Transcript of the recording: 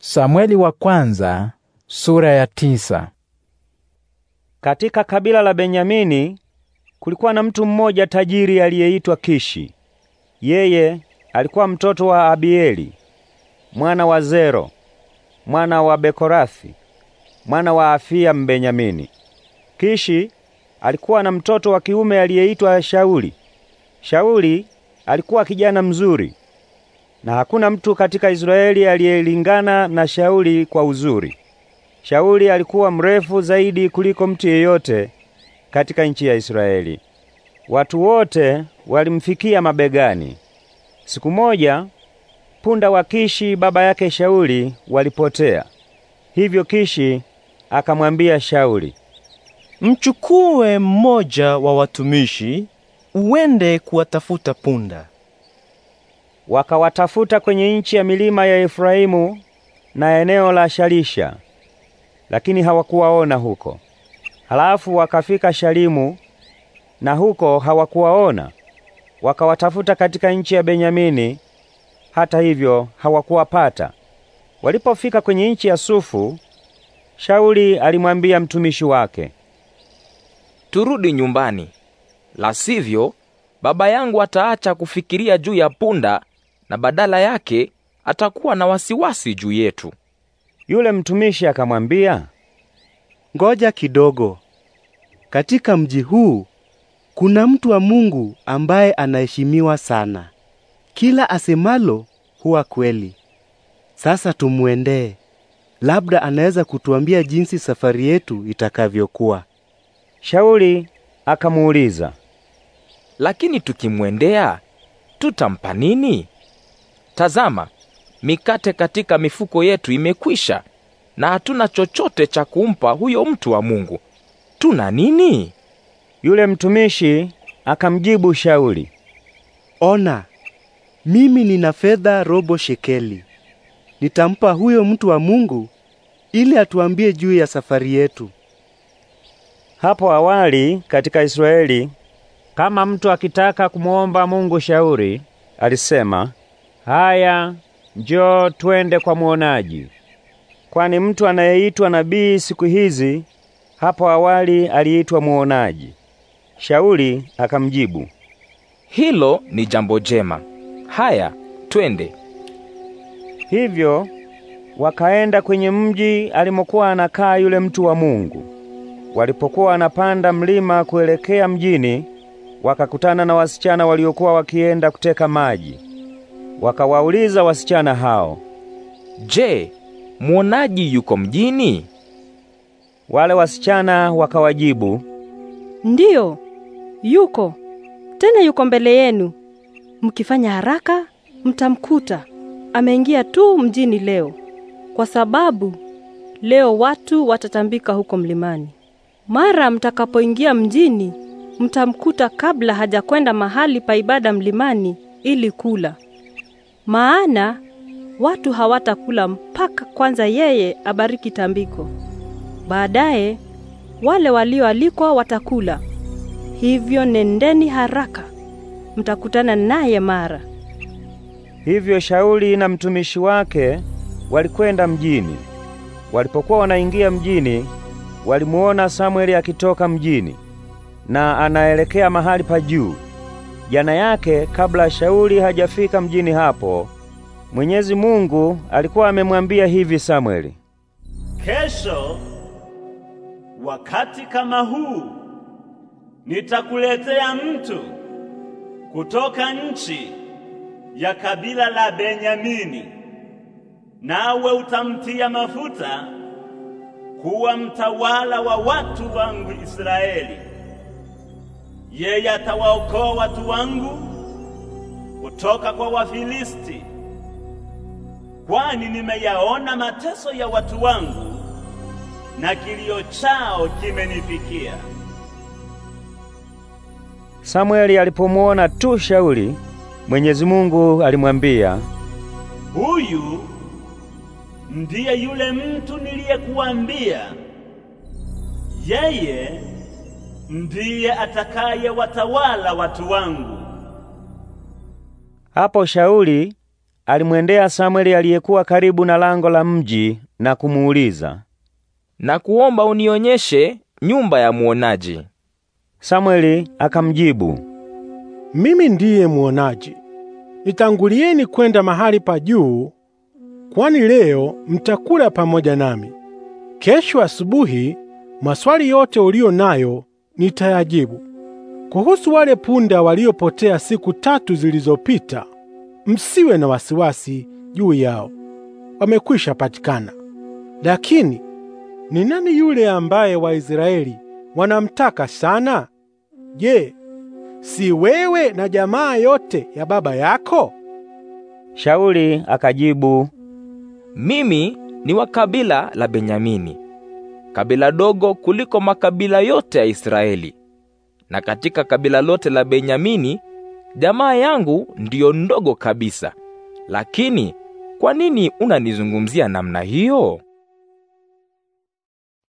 Samweli wa kwanza, sura ya tisa. Katika kabila la Benyamini kulikuwa na mtu mmoja tajiri aliyeitwa Kishi. Yeye alikuwa mtoto wa Abieli, mwana wa Zero, mwana wa Bekorathi, mwana wa Afia Mbenyamini. Kishi alikuwa na mtoto wa kiume aliyeitwa Shauli. Shauli alikuwa kijana mzuri, na hakuna mtu katika Israeli aliyelingana na Shauli kwa uzuri. Shauli alikuwa mrefu zaidi kuliko mtu yeyote katika nchi ya Israeli. Watu wote walimfikia mabegani. Siku moja punda wa Kishi baba yake Shauli walipotea. Hivyo Kishi akamwambia Shauli, mchukue mmoja wa watumishi uende kuwatafuta punda wakawatafuta kwenye nchi ya milima ya Efraimu na eneo la Shalisha, lakini hawakuwaona huko. Halafu wakafika Shalimu na huko hawakuwaona. Wakawatafuta katika nchi ya Benyamini, hata hivyo hawakuwapata. Walipofika kwenye nchi ya Sufu, Shauli alimwambia mtumishi wake, turudi nyumbani, la sivyo baba yangu ataacha kufikiria juu ya punda na badala yake atakuwa na wasiwasi juu yetu. Yule mtumishi akamwambia, ngoja kidogo, katika mji huu kuna mtu wa Mungu ambaye anaheshimiwa sana, kila asemalo huwa kweli. Sasa tumwendee, labda anaweza kutuambia jinsi safari yetu itakavyokuwa. Shauli akamuuliza, lakini tukimwendea tutampa nini? Tazama, mikate katika mifuko yetu imekwisha na hatuna chochote cha kumpa huyo mtu wa Mungu. Tuna nini? Yule mtumishi akamjibu Shauli, ona, mimi nina fedha robo shekeli. Nitampa huyo mtu wa Mungu ili atuambie juu ya safari yetu. Hapo awali katika Israeli, kama mtu akitaka kumuomba Mungu shauri, alisema Haya, njoo twende kwa muonaji, kwani mtu anayeitwa nabii siku hizi hapo awali aliitwa muonaji. Shauli akamjibu, hilo ni jambo jema. Haya, twende. Hivyo wakaenda kwenye mji alimokuwa anakaa yule mtu wa Mungu. Walipokuwa wanapanda mlima kuelekea mjini, wakakutana na wasichana waliokuwa wakienda kuteka maji wakawauliza wasichana hao, "Je, muonaji yuko mjini?" Wale wasichana wakawajibu, "Ndiyo, yuko. Tena yuko mbele yenu. Mkifanya haraka mtamkuta. Ameingia tu mjini leo, kwa sababu leo watu watatambika huko mlimani. Mara mtakapoingia mjini, mtamkuta kabla hajakwenda mahali pa ibada mlimani ili kula." maana watu hawatakula mpaka kwanza yeye abariki tambiko. Baadaye wale walioalikwa watakula. Hivyo nendeni haraka, mtakutana naye mara. Hivyo Shauli na mtumishi wake walikwenda mjini. Walipokuwa wanaingia mjini, walimuona Samweli akitoka mjini na anaelekea mahali pa juu. Jana yake kabla Shauli hajafika mjini hapo, Mwenyezi Mungu alikuwa amemwambia hivi Samweli, kesho wakati kama huu nitakuletea mtu kutoka nchi ya kabila la Benyamini, nawe utamtia mafuta kuwa mtawala wa watu wangu Israeli. Yeye atawaokoa watu wangu kutoka kwa Wafilisti, kwani nimeyaona mateso ya watu wangu na kilio chao kimenifikia. Samueli alipomuona tu Shauli, Mwenyezi Mungu alimwambia, huyu ndiye yule mtu niliyekuambia yeye ndiye atakaye watawala watu wangu. Hapo Shauli alimwendea Samweli aliyekuwa karibu na lango la mji na kumuuliza, na kuomba unionyeshe nyumba ya muonaji. Samweli akamjibu, mimi ndiye muonaji, nitangulieni kwenda mahali pa juu, kwani leo mtakula pamoja nami. Kesho asubuhi maswali yote ulio nayo nitayajibu. Kuhusu wale punda waliopotea siku tatu zilizopita, msiwe na wasiwasi juu yao, wamekwisha patikana. Lakini ni nani yule ambaye Waisraeli wanamtaka sana? Je, si wewe na jamaa yote ya baba yako? Shauli akajibu, mimi ni wa kabila la Benyamini kabila dogo kuliko makabila yote ya Israeli. Na katika kabila lote la Benyamini jamaa yangu ndiyo ndogo kabisa. Lakini kwa nini unanizungumzia namna hiyo?